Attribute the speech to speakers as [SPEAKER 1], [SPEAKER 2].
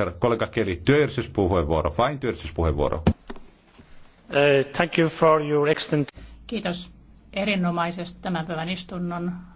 [SPEAKER 1] Herra kollega Keli, työllisyyspuheenvuoro, vain työllisyyspuheenvuoro.
[SPEAKER 2] Uh,
[SPEAKER 1] thank you for your excellent...
[SPEAKER 3] Kiitos erinomaisesta tämän päivän istunnon